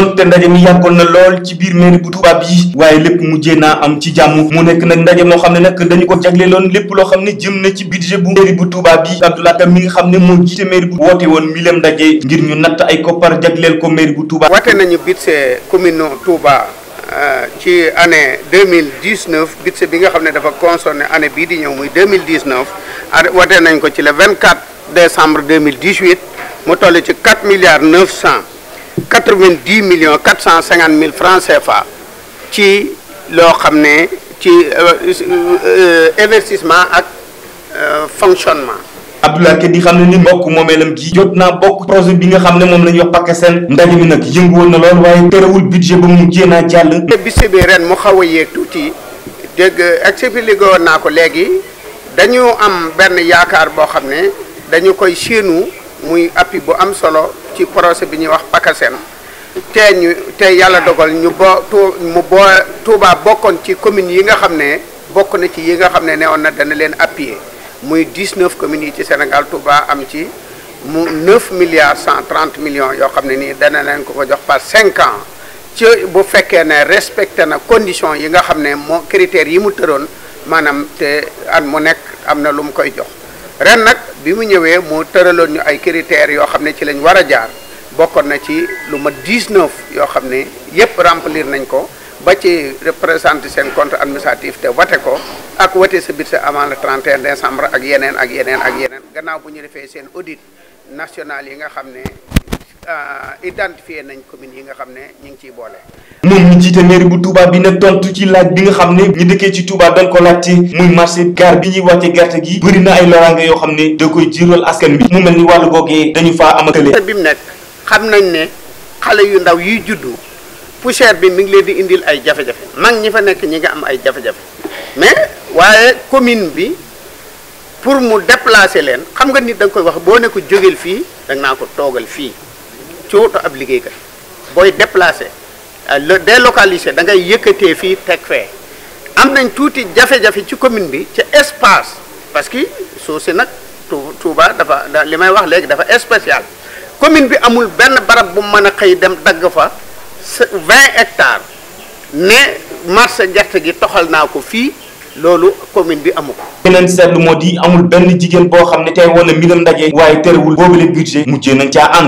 donte ndaje mi yàggoon na lool ci biir mairie bu Touba bi waaye lépp mujjee naa am ci jàmm mu nekk nag ndaje moo xam ne nag dañu ko jagleeloon lépp loo xam ne jëm na ci budget bu mairie bu Touba bi Abdoulaye Kane mi nga xam ne moo jiite mairie bu woote woon mi lem ndaje ngir ñu natt ay koppar jagleel ko mairie bu Touba. woote nañu budget commune Touba euh, ci année deux mille dix neuf budget bi nga xam ne dafa concerné année bii di ñëw muy deux mille dix neuf woote nañ ko ci le vingt quatre décembre deux mille dix huit mu toll ci quatre milliards neuf cent. quatre-vingt-dix millions quatre cent cinquante mille francs CFA ci loo xam ne ci euh, investissement ak euh, fonctionnement. Abdoulaye Kedi xam ne ni mbokk moomeelam gi jot naa bokk projet bi nga xam ne moom la ñu wax Pakistan ndaje mi nag yënguwoon na lool waaye terewul budget ba mu jéem a jàll. budget bi ren mu xaw a yéeg tuuti dégg expliqué woon naa ko léegi dañu am benn yaakaar boo xam ne dañu koy séenu. muy appui bu am solo ci projet bi ñuy wax PACASEN te ñu te yàlla dogal ñu bo tu mu bo Touba bokkoon ci communes yi nga xam ne bokk na ci yi nga xam ne newoon na dana leen appuyer muy 19 communes yi ci Sénégal Touba am ci mu 9 milliards 130 millions yoo xam ne nii dana leen ko ko jox par 5 ans ci bu fekkee ne respecté na conditions yi nga xam ne moo critères yi mu tëroon maanaam te at mu nekk am na lu mu koy jox. ren nag bi mu ñëwee mu tëraloon ñu ay critères yoo xam ne ci lañ war a jaar bokkoon na ci lu ma 19 yoo xam ne yépp remplir nañ ko ba ci représenté seen compte administratif te voté ko ak voté sa budget avant le 31 décembre ak yeneen ak yeneen ak yeneen gannaaw bu ñu defee seen audit national yi nga xam ne Euh, identifié nañ commune yi nga xam ne ñu ngi ciy boole. moom ñu jiite mairie bu Touba bi na tontu ci laaj bi nga xam ne ñu dëkkee ci Touba dañ ko laajte muy marché gaar bi ñuy wàcce gerte gi bëri na ay loraange yoo xam ne da koy jiiral askan bi mu mel ni wàllu googee dañu faa amatale. bi mu nekk xam nañ ne xale yu ndaw yuy juddu poussière bi mi ngi leen di indil ay jafe-jafe mag ñi fa nekk ñi ngi am ay jafe-jafe mais waaye commune bi. pour mu déplacer leen xam nga nit da koy wax boo ne ko fii da naa ko toogal fii ci wutu ab liggéeykat booy déplacé euh, le délocalisé da ngay yëkkatee fii teg fee am nañ tuuti jafe-jafe ci commune bi ci espace parce que suuf si nag Touba dafa li may wax léegi dafa spécial commune bi amul benn barab bu mën a xëy dem dagg fa vingt hectare ne marché gerte gi toxal naa ko fii loolu commune bi amu ko. beneen seetlu moo di amul benn jigéen boo xam ne tey wala mbiram ndaje. waaye terewul boobule budget mujjee nañ caa ànd.